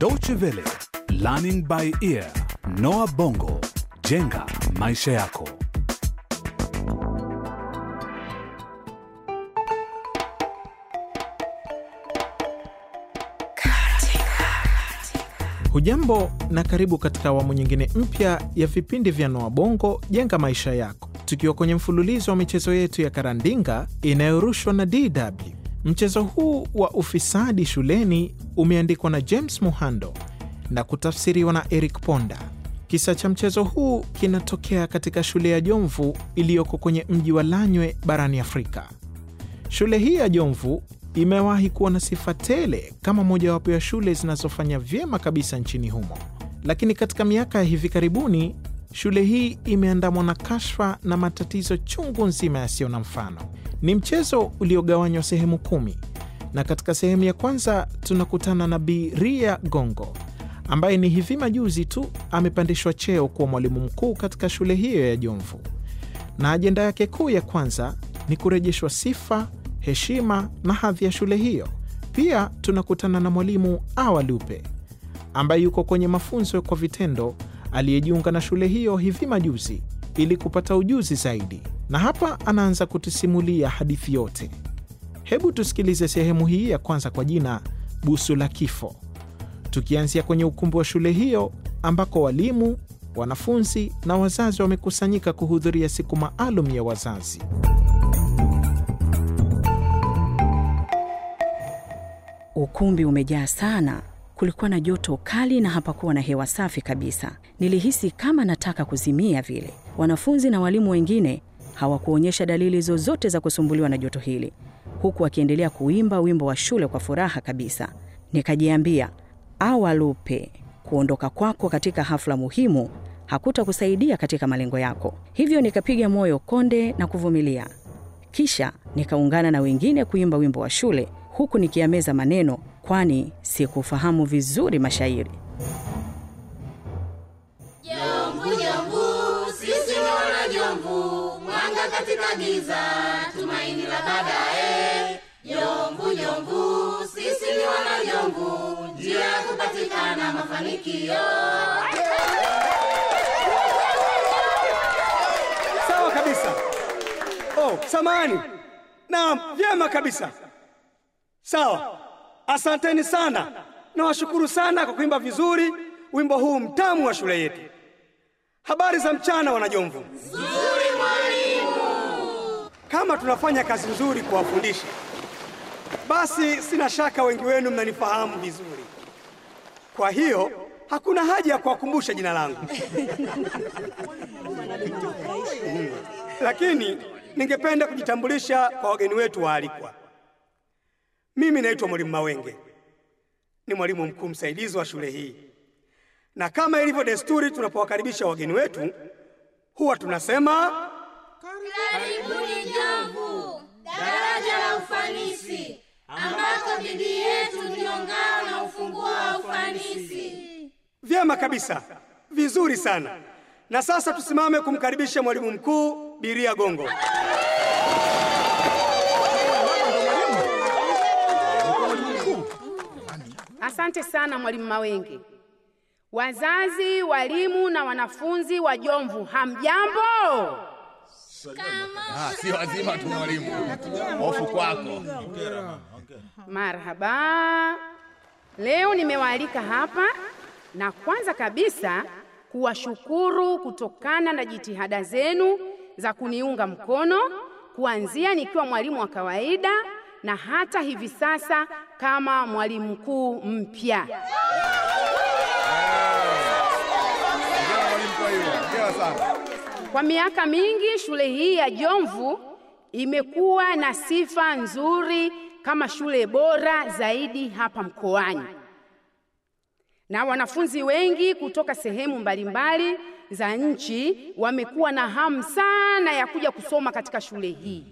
Deutsche Welle, Learning by Ear, Noah Bongo, Jenga Maisha Yako. Hujambo na karibu katika awamu nyingine mpya ya vipindi vya Noah Bongo, Jenga Maisha Yako, tukiwa kwenye mfululizo wa michezo yetu ya karandinga inayorushwa na DW. Mchezo huu wa ufisadi shuleni umeandikwa na James Muhando na kutafsiriwa na Eric Ponda. Kisa cha mchezo huu kinatokea katika shule ya Jomvu iliyoko kwenye mji wa Lanywe barani Afrika. Shule hii ya Jomvu imewahi kuwa na sifa tele kama mojawapo ya shule zinazofanya vyema kabisa nchini humo, lakini katika miaka ya hivi karibuni shule hii imeandamwa na kashfa na matatizo chungu nzima yasiyo na mfano. Ni mchezo uliogawanywa sehemu kumi, na katika sehemu ya kwanza tunakutana na Bi Ria Gongo ambaye ni hivi majuzi tu amepandishwa cheo kuwa mwalimu mkuu katika shule hiyo ya Jomvu, na ajenda yake kuu ya kwanza ni kurejeshwa sifa, heshima na hadhi ya shule hiyo. Pia tunakutana na mwalimu awa lupe ambaye yuko kwenye mafunzo kwa vitendo aliyejiunga na shule hiyo hivi majuzi ili kupata ujuzi zaidi na hapa anaanza kutisimulia hadithi yote. Hebu tusikilize sehemu hii ya kwanza kwa jina Busu la Kifo, tukianzia kwenye ukumbi wa shule hiyo ambako walimu, wanafunzi na wazazi wamekusanyika kuhudhuria siku maalum ya wazazi. Ukumbi umejaa sana. Kulikuwa na joto kali na hapakuwa na hewa safi kabisa. Nilihisi kama nataka kuzimia vile. Wanafunzi na walimu wengine hawakuonyesha dalili zozote za kusumbuliwa na joto hili, huku akiendelea kuimba wimbo wa shule kwa furaha kabisa. Nikajiambia, awa Lupe, kuondoka kwako katika hafla muhimu hakutakusaidia katika malengo yako. Hivyo nikapiga moyo konde na kuvumilia, kisha nikaungana na wengine kuimba wimbo wa shule huku nikiameza maneno, kwani sikufahamu vizuri mashairi. giza, tumaini la baadaye. Nyongu nyongu, sisi ni wana nyongu, njia ya kupatikana mafanikio. Sawa kabisa. Oh, samani. na vyema kabisa. Sawa, asanteni sana, nawashukuru sana kwa kuimba vizuri wimbo huu mtamu wa shule yetu. Habari za mchana, wanajomvu. Zuri. Kama tunafanya kazi nzuri kuwafundisha, basi sina shaka wengi wenu mnanifahamu vizuri. Kwa hiyo hakuna haja ya kuwakumbusha jina langu lakini ningependa kujitambulisha kwa wageni wetu waalikwa. Mimi naitwa Mwalimu Mawenge, ni mwalimu mkuu msaidizi wa shule hii, na kama ilivyo desturi, tunapowakaribisha wageni wetu huwa tunasema karibuni. ambako bidii yetu ndiyo ngao na ufunguo wa ufanisi. Vyema kabisa, vizuri sana. Na sasa tusimame kumkaribisha mwalimu mkuu Biria Gongo. Asante sana mwalimu Mawenge. Wazazi, walimu na wanafunzi wa Jomvu, hamjambo? Ah, sio tu mwalimu. Hofu kwako. Marhaba. Leo nimewaalika hapa na kwanza kabisa kuwashukuru kutokana na jitihada zenu za kuniunga mkono kuanzia nikiwa mwalimu wa kawaida na hata hivi sasa kama mwalimu mkuu mpya. Kwa miaka mingi shule hii ya Jomvu imekuwa na sifa nzuri kama shule bora zaidi hapa mkoani, na wanafunzi wengi kutoka sehemu mbalimbali za nchi wamekuwa na hamu sana ya kuja kusoma katika shule hii.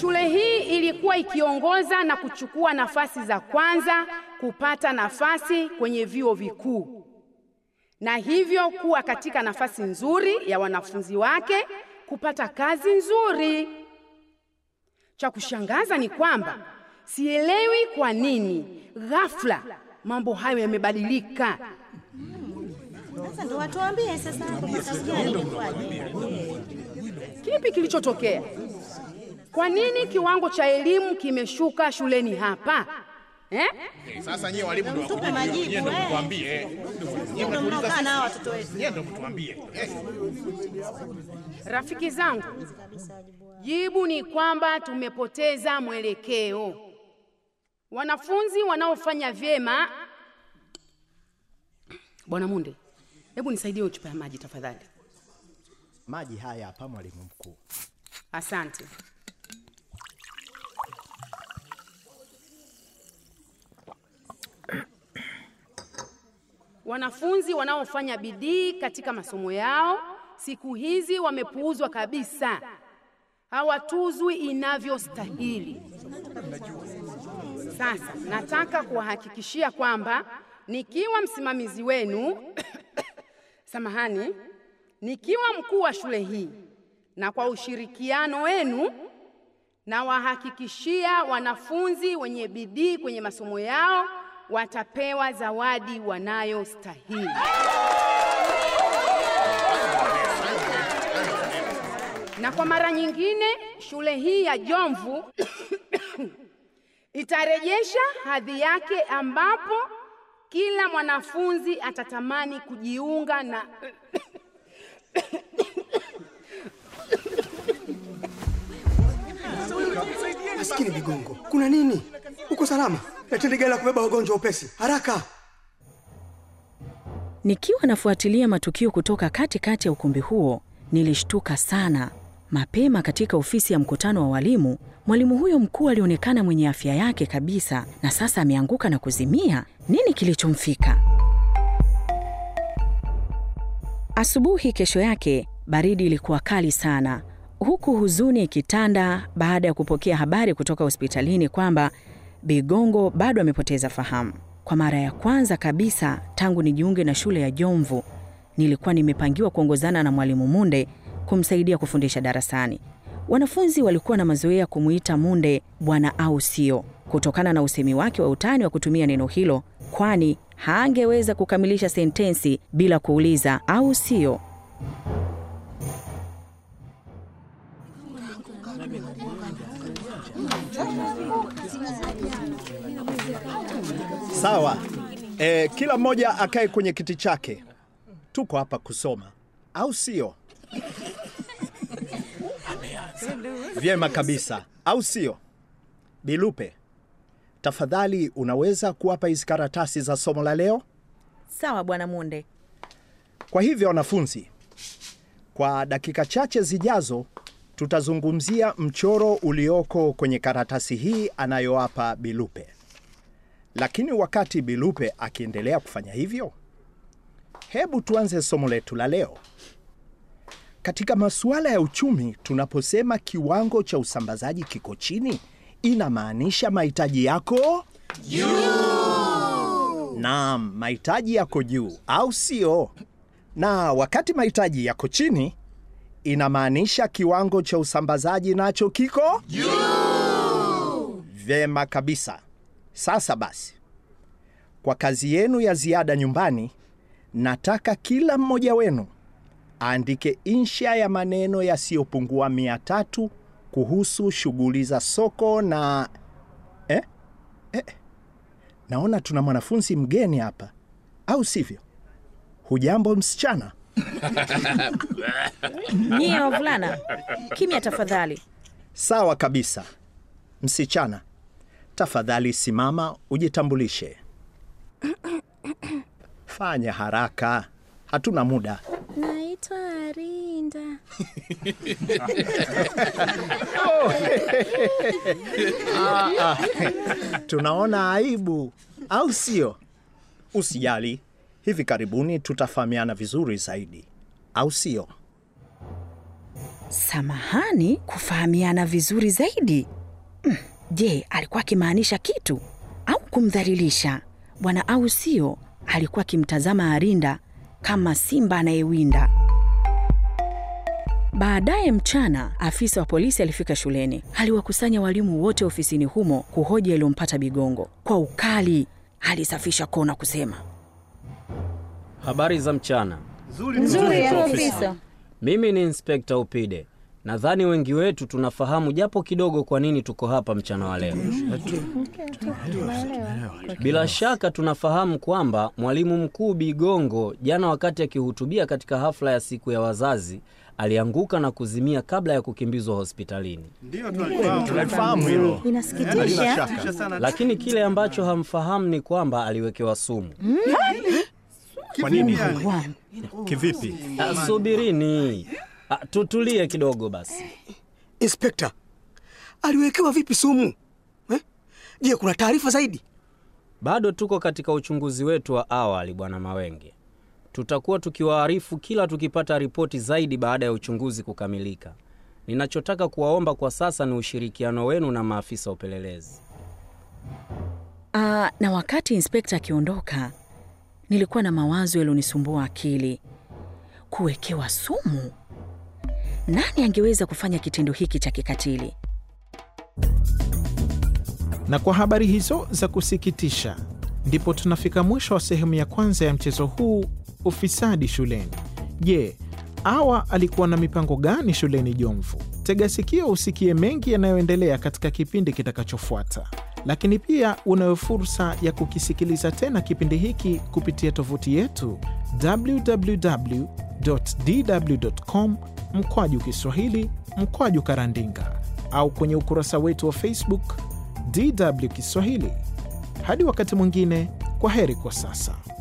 Shule hii ilikuwa ikiongoza na kuchukua nafasi za kwanza kupata nafasi kwenye vyuo vikuu na hivyo kuwa katika nafasi nzuri ya wanafunzi wake kupata kazi nzuri. Cha kushangaza ni kwamba sielewi kwa nini ghafla mambo hayo yamebadilika. Kipi kilichotokea? Kwa nini kiwango cha elimu kimeshuka shuleni hapa? Eh? Eh, sasa nyie walimu ndio wakujibu. Eh. mtuambie. mtuambie. Rafiki zangu, jibu ni kwamba tumepoteza mwelekeo. Wanafunzi wanaofanya vyema Bwana Munde, hebu nisaidie chupa ya maji tafadhali. Maji haya hapa, mwalimu mkuu. Asante. Wanafunzi wanaofanya bidii katika masomo yao siku hizi wamepuuzwa kabisa, hawatuzwi inavyostahili. Sasa nataka kuwahakikishia kwamba nikiwa msimamizi wenu samahani, nikiwa mkuu wa shule hii na kwa ushirikiano wenu nawahakikishia wanafunzi wenye bidii kwenye masomo yao watapewa zawadi wanayostahili. Na kwa mara nyingine shule hii ya Jomvu itarejesha hadhi yake ambapo kila mwanafunzi atatamani kujiunga na Maskini Bigongo, kuna nini? Uko salama? leteni gari la kubeba wagonjwa upesi haraka nikiwa nafuatilia matukio kutoka katikati kati ya ukumbi huo nilishtuka sana mapema katika ofisi ya mkutano wa walimu mwalimu huyo mkuu alionekana mwenye afya yake kabisa na sasa ameanguka na kuzimia nini kilichomfika asubuhi kesho yake baridi ilikuwa kali sana huku huzuni ikitanda baada ya kupokea habari kutoka hospitalini kwamba Bigongo bado amepoteza fahamu. Kwa mara ya kwanza kabisa tangu nijiunge na shule ya Jomvu, nilikuwa nimepangiwa kuongozana na mwalimu Munde kumsaidia kufundisha darasani. Wanafunzi walikuwa na mazoea kumuita Munde bwana au sio, kutokana na usemi wake wa utani wa kutumia neno hilo, kwani hangeweza kukamilisha sentensi bila kuuliza au sio. Sawa. E, kila mmoja akae kwenye kiti chake. Tuko hapa kusoma, au sio? Vyema kabisa, au sio? Bilupe, tafadhali unaweza kuwapa hizi karatasi za somo la leo? Sawa bwana Munde. Kwa hivyo wanafunzi, kwa dakika chache zijazo tutazungumzia mchoro ulioko kwenye karatasi hii anayowapa Bilupe. Lakini wakati Bilupe akiendelea kufanya hivyo, hebu tuanze somo letu la leo. Katika masuala ya uchumi, tunaposema kiwango cha usambazaji kiko chini, inamaanisha mahitaji yako juu. Naam, mahitaji yako juu, au sio? Na wakati mahitaji yako chini, inamaanisha kiwango cha usambazaji nacho kiko juu. Vyema kabisa. Sasa basi, kwa kazi yenu ya ziada nyumbani, nataka kila mmoja wenu aandike insha ya maneno yasiyopungua mia tatu kuhusu shughuli za soko na eh? Eh? Naona tuna mwanafunzi mgeni hapa, au sivyo? Hujambo msichana? Nyie wavulana, kimya tafadhali. Sawa kabisa, msichana Tafadhali simama ujitambulishe. Fanya haraka, hatuna muda. Naitwa Arinda. ah, ah. Tunaona aibu, au sio? Usijali, hivi karibuni tutafahamiana vizuri zaidi, au sio? Samahani, kufahamiana vizuri zaidi? Hmm. Je, alikuwa akimaanisha kitu au kumdhalilisha? Bwana au sio, alikuwa akimtazama Arinda kama simba anayewinda. Baadaye mchana, afisa wa polisi alifika shuleni. Aliwakusanya walimu wote ofisini humo kuhoja aliyompata Bigongo. Kwa ukali alisafisha kona kusema, habari za mchana. Nzuri, nzuri, ofisa. Mimi ni Inspekta Upide. Nadhani wengi wetu tunafahamu japo kidogo kwa nini tuko hapa mchana wa leo. Bila shaka tunafahamu kwamba mwalimu mkuu Bigongo jana, wakati akihutubia katika hafla ya siku ya wazazi, alianguka na kuzimia kabla ya kukimbizwa hospitalini. lakini kile ambacho hamfahamu ni kwamba aliwekewa sumu. Hmm? Kwa nini? Kivipi? Oh, Subirini. Ah, tutulie kidogo basi. Inspekta, aliwekewa vipi sumu eh? Je, kuna taarifa zaidi? Bado tuko katika uchunguzi wetu wa awali, Bwana Mawenge. Tutakuwa tukiwaarifu kila tukipata ripoti zaidi baada ya uchunguzi kukamilika. Ninachotaka kuwaomba kwa sasa ni ushirikiano wenu na maafisa upelelezi. Aa, ah, na wakati inspekta akiondoka, nilikuwa na mawazo yalionisumbua akili. Kuwekewa sumu nani angeweza kufanya kitendo hiki cha kikatili? Na kwa habari hizo za kusikitisha, ndipo tunafika mwisho wa sehemu ya kwanza ya mchezo huu ufisadi shuleni. Je, Awa alikuwa na mipango gani shuleni Jomvu? Tega sikio usikie mengi yanayoendelea katika kipindi kitakachofuata, lakini pia unayo fursa ya kukisikiliza tena kipindi hiki kupitia tovuti yetu www.dw.com mkwaju Kiswahili mkwaju Karandinga au kwenye ukurasa wetu wa Facebook DW Kiswahili. Hadi wakati mwingine, kwa heri kwa sasa.